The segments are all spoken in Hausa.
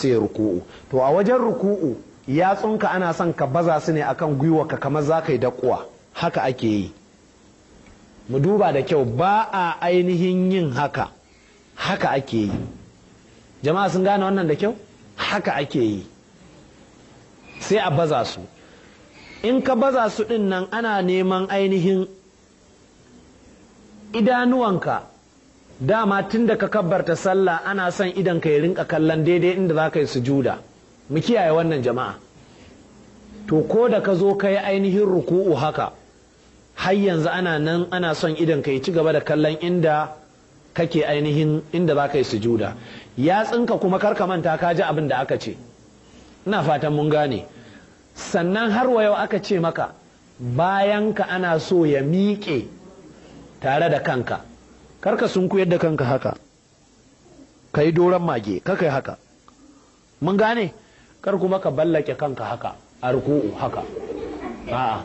sai ruku'u to a wajen ruku'u yatsunka ana son ka baza su ne akan gwiwarka kamar za ka yi dakuwa haka ake yi mu duba da kyau ba a ainihin yin haka haka ake yi jama'a sun gane wannan da kyau haka ake yi sai a baza su in ka baza su ɗin nan ana neman ainihin idanuwanka dama tun da ka kabbarta sallah ana son idan ka rinka kallon daidai inda za ka yi sujuda mu kiyaye wannan jama'a to ko da ka zo ka yi ainihin ruku'u haka har yanzu ana nan ana son idan ka yi ci gaba da kallon inda kake ainihin inda za ka yi sujuda ya tsinka kuma kar ka manta ka ji abin da aka ce ina fatan mun gane sannan har wa yau aka ce maka bayan ka ana so ya miƙe tare da kanka karka sun kuyar da kanka haka ka yi doron mage kaka yi haka mun gane kar kuma ka ballake kanka haka a ruku'u haka a'a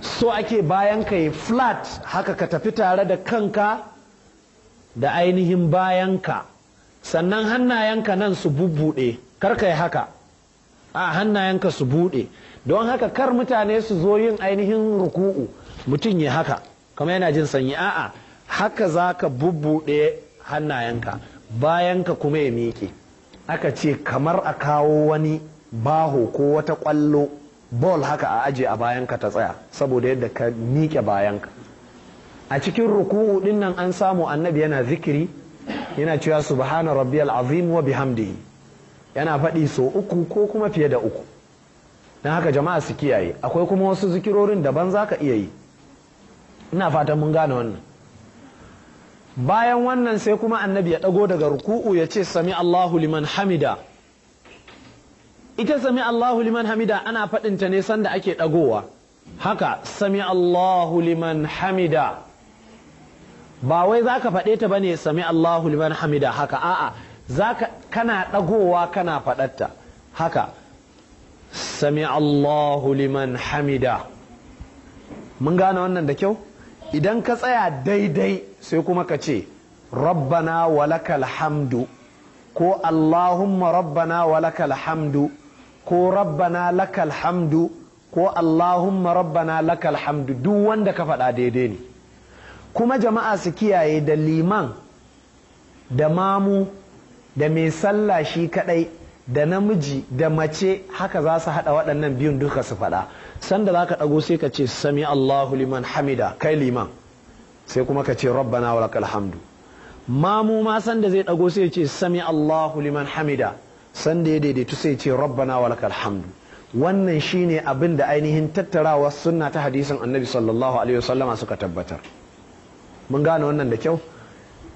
so ake bayan ka yi flat haka ka tafi tare da kanka da ainihin ka sannan hannayenka nan su bubbuɗe kar ka yi haka a hannayenka su buɗe don haka kar mutane su zo yin ainihin ruku'u mutum ya haka kamar yana jin sanyi a'a haka za ka bubbuɗe hannayenka bayanka kuma ya miƙe aka ce kamar a kawo wani baho ko wata ƙwallo bol haka a aje a bayanka ta tsaya saboda yadda ka miƙe bayanka a cikin ruku'u ɗin nan an samu annabi yana zikiri yana cewa subhana rabbiyal azim wa bihamdihi yana faɗi so uku ko kuma fiye da uku don haka jama'a su kiyaye akwai kuma wasu zikirorin daban za ka iya yi ina fatan mun gane wannan bayan wannan sai kuma annabi ya ɗago daga ruku'u ya ce sami Allahu liman hamida ita sami Allahu liman hamida ana faɗinta ne sanda ake ɗagowa haka sami Allahu liman hamida ba wai za ka faɗe ta ne sami Allahu liman hamida haka a'a ka kana ɗagowa kana faɗatta haka sami Allahu liman hamida mun gane wannan da kyau idan ka tsaya daidai sai kuma ka ce rabbana walakal hamdu ko allahumma rabbana walakal hamdu ko rabbana lakal hamdu ko allahumma rabbana lakal hamdu duk wanda ka faɗa daidai ne kuma jama'a su kiyaye da liman da mamu da mai sallah shi kadai da namiji da mace haka za su haɗa waɗannan biyun duka su faɗa sanda za ka ɗago sai ka ce sami allahu liman hamida kai liman sai kuma ka ce rabbana wa lakal hamdu mamu ma san zai dago sai ce sami Allahu liman hamida Sanda ya daidaitu sai ce rabbana wa lakal hamdu wannan shine abin da ainihin tattarawa sunna ta hadisin annabi sallallahu alaihi a suka tabbatar mun gane wannan da kyau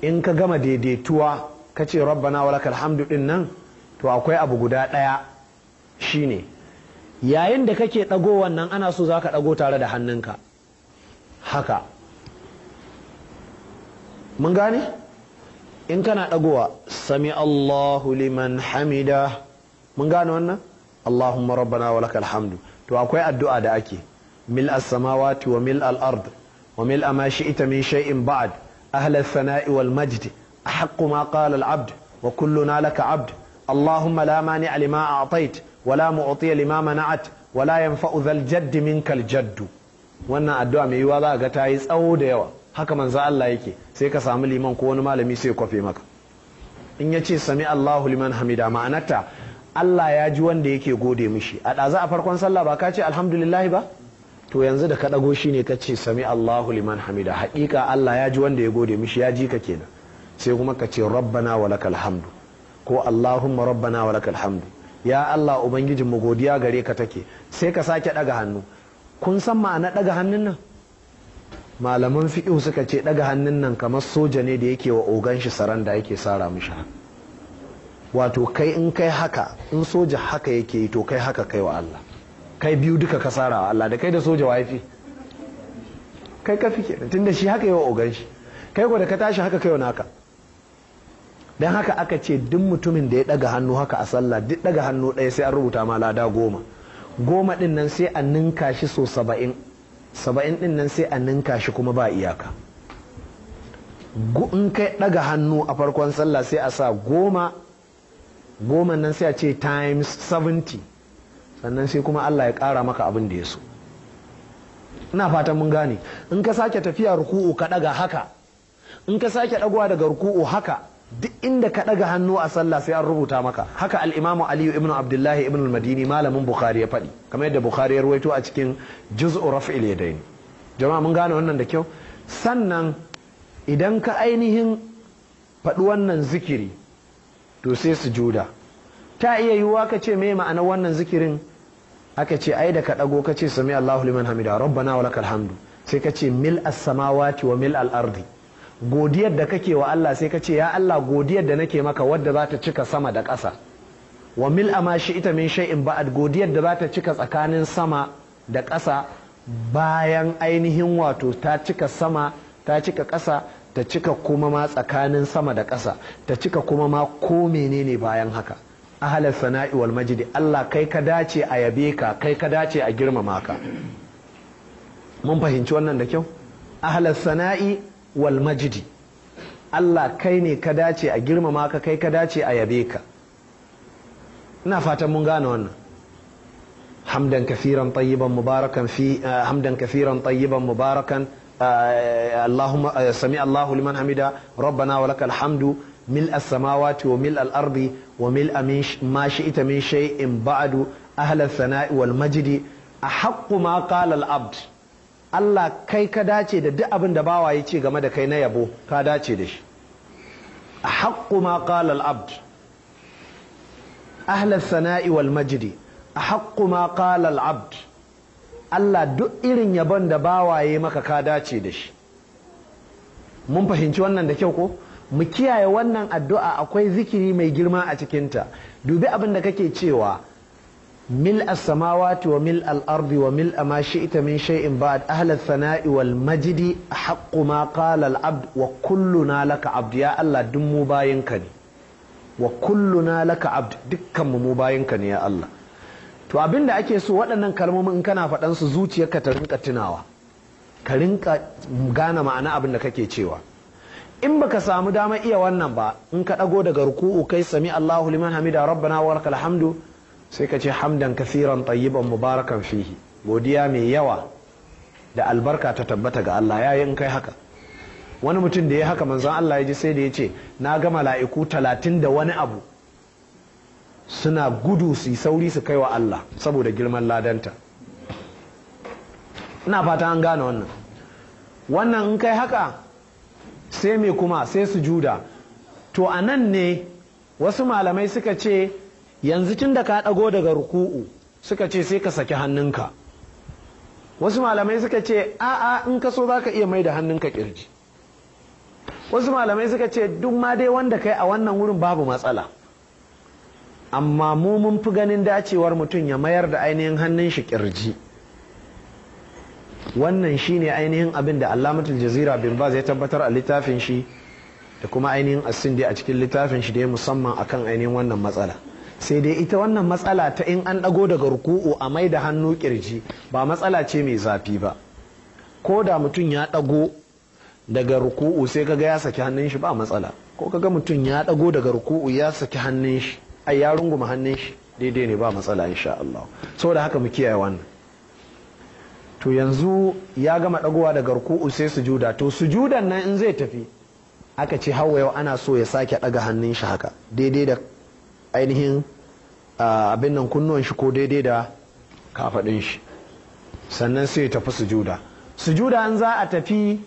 in ka gama daidaituwa ka ce rabbana wa lakal hamdu din nan to akwai abu guda ɗaya shine yayin da kake ɗago wannan ana so zaka ka ɗago tare da hannunka haka mun gane in kana ɗagowa sami Allahu liman hamida mun gane wannan Allahumma rabbana wa lakal hamdu to akwai addu'a da ake mil as-samawati wa mil al-ard wa mil ma shi'ta min shay'in ba'd ahla as-sana'i wal majd ahaqqu ma qala al-abd wa kulluna laka 'abd اللهم لا مانع لما أعطيت ولا معطي لما منعت ولا ينفع ذا الجد minkal الجد wannan addu'a mai yiwa za ga ta yi tsawo da yawa haka manzo Allah yake sai ka samu liman ko wani malami sai kwafe maka in ya ce sami Allahu liman hamida ma'anarta Allah ya ji wanda yake gode mishi a ɗaza a farkon sallah ba ka ce alhamdulillahi ba to yanzu da ka ɗago shi ne ka ce sami Allahu liman hamida haƙiƙa Allah ya ji wanda ya gode mishi ya ji ka kenan sai kuma ka ce rabbana wa lakal hamdu ko Allahumma rabbana wa lakal hamdu ya Allah ubangijin mu godiya gare ka take sai ka sake ɗaga hannu kun san ma'ana ɗaga hannun nan malaman fi'u suka ce ɗaga hannun nan kamar soja ne da yake wa ogan shi saran da yake sara mishi wato kai in kai haka in soja haka yake yi to kai haka kai wa Allah kai biyu duka ka sara wa Allah da kai da soja haifi. kai ka fike tunda shi haka yi wa ogan shi kai ko da ka tashi haka kai wa naka dan haka aka ce duk mutumin da ya ɗaga hannu haka a sallah duk ɗaga hannu ɗaya sai an rubuta ma lada goma goma ɗin nan sai a ninka shi so saba'in saba'in din nan sai a ninka shi kuma ba iyaka in kai daga hannu a farkon sallah sai a sa goma goma nan sai a ce times 70 sannan sai kuma Allah ya kara maka abin da ya so ina fatan mun gane in ka sake tafiya ruku'u ka daga haka in ka sake dagowa daga ruku'u haka duk inda ka ɗaga hannu a sallah sai an rubuta maka haka al-imamu aliyu ibnu abdullahi ibnu madini malamin bukhari ya faɗi kamar yadda bukhari ya ruwaito a cikin juz'u raf'il yadayn jama'a mun gane wannan da kyau sannan idan ka ainihin faɗi wannan zikiri to sai sujuda ta iya yiwuwa ka ce me ma'ana wannan zikirin aka ce ai da ka ɗago ka ce sami Allahu liman hamida rabbana wa lakal hamdu sai ka ce mil as-samawati wa mil al-ardi godiyar da kake wa Allah sai ka ce ya Allah godiyar da nake maka wadda za ta cika sama da ƙasa wa mil ma shi ita min shay'in ba'ad godiyar da za ta cika tsakanin sama da ƙasa bayan ainihin wato ta cika sama ta cika ƙasa ta cika kuma ma tsakanin sama da ƙasa ta cika kuma ma ko menene bayan haka ahalar sana'i wal majidi Allah kai ka dace a yabe ka kai ka dace a girmama ka mun fahimci wannan da kyau ahalar sana'i walmajidi Allah kai ne ka dace a girmama ka kai ka dace a yabe ka ina fatan mun gane wannan hamdan kafiran tayyiban mubarakan eh, hamdan kafiran tayyiban mubarakan eh, eh, sami allahu liman hamida rabbana wa lakal hamdu mil as samawati wa mil al wa mil amin ma shi'ta min shay'in ba'du ahla thana'i wal majdi ahaqqu ma qala abd Allah kai ka dace da duk abin da bawa ya ce game da kai na yabo ka dace da shi a haƙƙu ma ƙala al'abd ahlar sanai wal majidi. a haƙƙu ma ƙala al'abd Allah duk irin yabon da bawa ya maka ka dace da shi mun fahimci wannan da kyau ko mu kiyaye wannan addu'a akwai zikiri mai girma a cikinta dubi abin da kake cewa mil as-samawati wa mil al wa mil ma shi'ta min shay'in ba'd ahla ath sana'i wal majdi haqqu ma abd wa kulluna laka abdu ya Allah duk mu ne wa kulluna laka abdu dukkan mu bayinka ne ya Allah to abinda ake so waɗannan kalmomin in kana faɗan su ka ta rinka tunawa ka rinka gane ma'ana abin da kake cewa in baka samu dama iya wannan ba in ka ɗago daga ruku'u kai sami Allahu liman hamida rabbana wa lakal sai ka ce hamdan kasiran tayyiban mubarakan fihi godiya mai yawa da albarka ta tabbata ga Allah yayi in kai haka wani mutum da ya haka manzon Allah ya ji sai da ya ce na ga mala'iku talatin da wani abu suna gudu su yi sauri su kai wa Allah saboda girman ladanta ina fata an gane wannan wannan in kai haka sai me kuma sai su juda to a nan ne wasu malamai suka ce yanzu tun da ka ɗago daga ruku'u suka ce sai ka saki hannunka wasu malamai suka ce a'a in ka so za ka iya mai da hannunka kirji wasu malamai suka ce duk ma dai wanda kai a wannan wurin babu matsala amma mu mun fi ganin dacewar mutum ya mayar da ainihin hannun shi kirji wannan shine ainihin abin da allamatul jazira bin baz ya tabbatar a littafin shi da kuma ainihin asindi a cikin littafin shi da ya musamman akan ainihin wannan matsala sai dai ita wannan matsala ta in an ɗago daga ruku'u a mai da hannu kirji ba matsala ce mai zafi ba ko da mutum ya ɗago daga ruku'u sai kaga ya saki hannun shi ba matsala ko kaga mutum ya ɗago daga ruku'u ya saki hannun shi ai ya runguma hannun shi daidai ne ba matsala insha Allah saboda haka mu kiyaye wannan to yanzu ya gama ɗagowa daga ruku'u sai sujuda to sujudan nan in zai tafi aka ce hawa yau ana so ya sake ɗaga hannun shi haka daidai da ainihin abin nan kunnuwan shi ko daidai da kafaɗin shi sannan sai ya tafi sujuda sujuda an za a tafi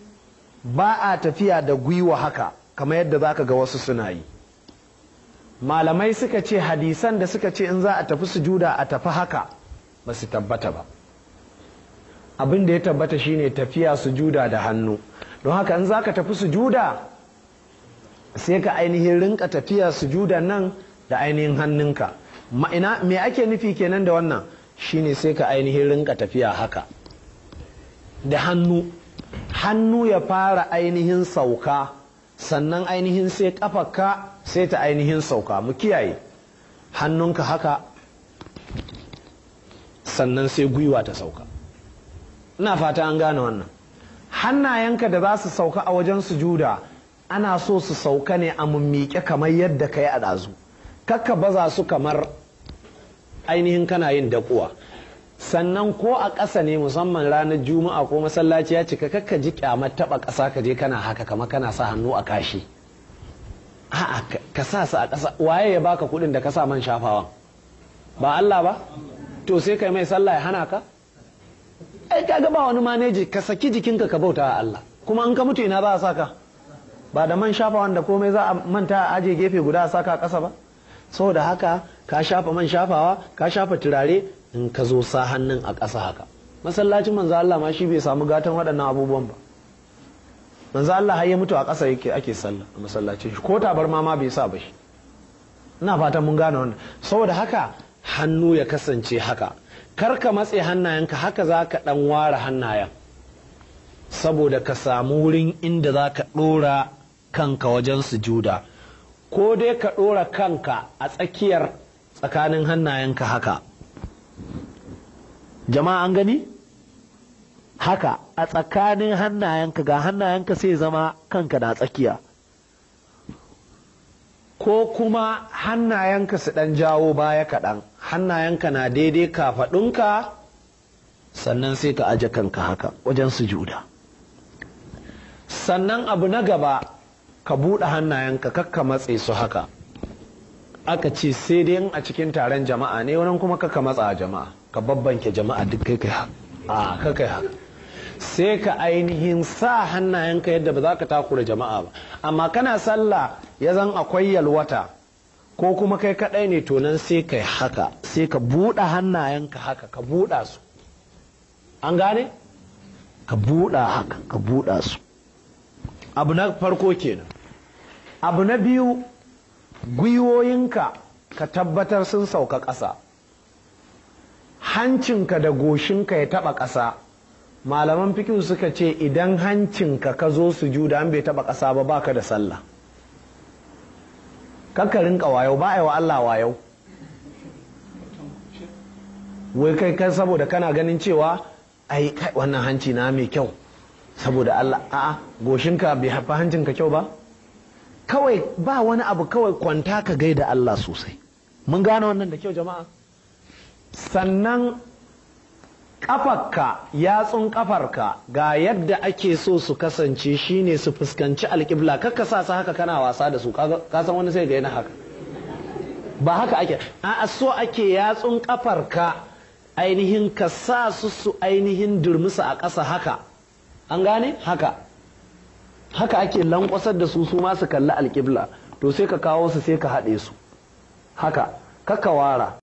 ba a tafiya da gwiwa haka kamar yadda za ka ga wasu suna yi malamai suka ce hadisan da suka ce in za a tafi sujuda a tafi haka ba su tabbata ba abin da ya tabbata shine tafiya sujuda da hannu don haka in za ka tafi sujuda sai ka ainihin rinka tafiya sujuda nan da ainihin hannunka ma'ina me ake nufi kenan da wannan shine sai ka ainihin rinka tafiya haka da hannu hannu ya fara ainihin sauka sannan ainihin sai ka sai ta ainihin sauka mu kiyaye hannunka haka sannan sai gwiwa ta sauka ina fata an gane wannan hannayenka da za su sauka a wajen sujuda ana so su sauka ne a mummike kamar yadda ka yi a ɗazu kakka baza su kamar ainihin kana yin dakuwa sannan ko a ƙasa ne musamman ranar juma'a ko masallaci ya cika kakka ji kyamar taɓa ƙasa ka je kana haka kama kana sa hannu a kashi a'a ka sa su a ƙasa waye ya baka kuɗin da ka sa man shafawan ba Allah ba to sai kai mai sallah ya hana ka ai kaga ba wani maneji ka saki jikinka ka bauta wa Allah kuma in ka mutu ina za a saka ba da man shafawan da komai za a manta a aje gefe guda a saka a ƙasa ba saboda haka ka shafa man shafawa ka shafa turare in ka zo sa hannun a ƙasa haka masallacin manzo Allah ma shi bai samu gatan waɗannan abubuwan ba manzo Allah har ya mutu a ƙasa yake ake sallah a masallacin shi ko tabarma ma bai sa ba shi ina fatan mun gane wannan saboda haka hannu ya kasance haka kar ka matse hannayenka haka za ka ɗan ware hannayen saboda ka samu wurin inda za ka ɗora kanka wajen sujuda ko dai ka ɗora kanka a tsakiyar tsakanin hannayenka haka jama'a an gani haka a tsakanin hannayenka ga hannayenka sai zama kanka na tsakiya ko kuma hannayenka su ɗan jawo baya kaɗan hannayenka na daidai kafaɗunka sannan sai ka aje kanka haka wajen su sujuda sannan abu na gaba ka buɗe hannayenka kakka matse su haka aka ce sai dai a cikin taron jama'a ne wani kuma kakka matsa a jama'a ka babbanke jama'a duk kai kai a ka kai haka sai ka ainihin sa hannayenka yadda ba za ka takura jama'a ba amma kana sallah ya zan akwai yalwata ko kuma kai kaɗai ne to nan sai kai haka sai ka buɗe hannayenka haka ka buɗa su an gane ka buɗa haka ka buɗa su abu na farko kenan abu na biyu gwiwoyinka ka tabbatar sun sauka ƙasa hancinka da goshinka ya taɓa ƙasa malaman fikin suka ce idan hancinka ka zo su juda an bai taɓa ƙasa ba baka da sallah kakarin wayo ba a wa Allah wayo wai kai kan saboda kana ganin cewa ai wannan hanci na mai kyau saboda Allah a'a goshinka bai hafa hancinka kyau ba kawai ba wani abu kawai kwanta ka gaida Allah sosai mun gane wannan da kyau jama'a sannan ƙafarka yatsun ƙafarka ga yadda ake so su kasance shine su fuskanci alƙibla kakka sa su haka kana wasa da su ka san wani sai ga yana haka ba haka ake a so ake yatsun ƙafarka ainihin ka sa su su ainihin durmusa a ƙasa haka an gane haka haka ake lankwasar da su su ma su kalli alƙibla to sai ka kawo su sai ka haɗe su haka kakawara.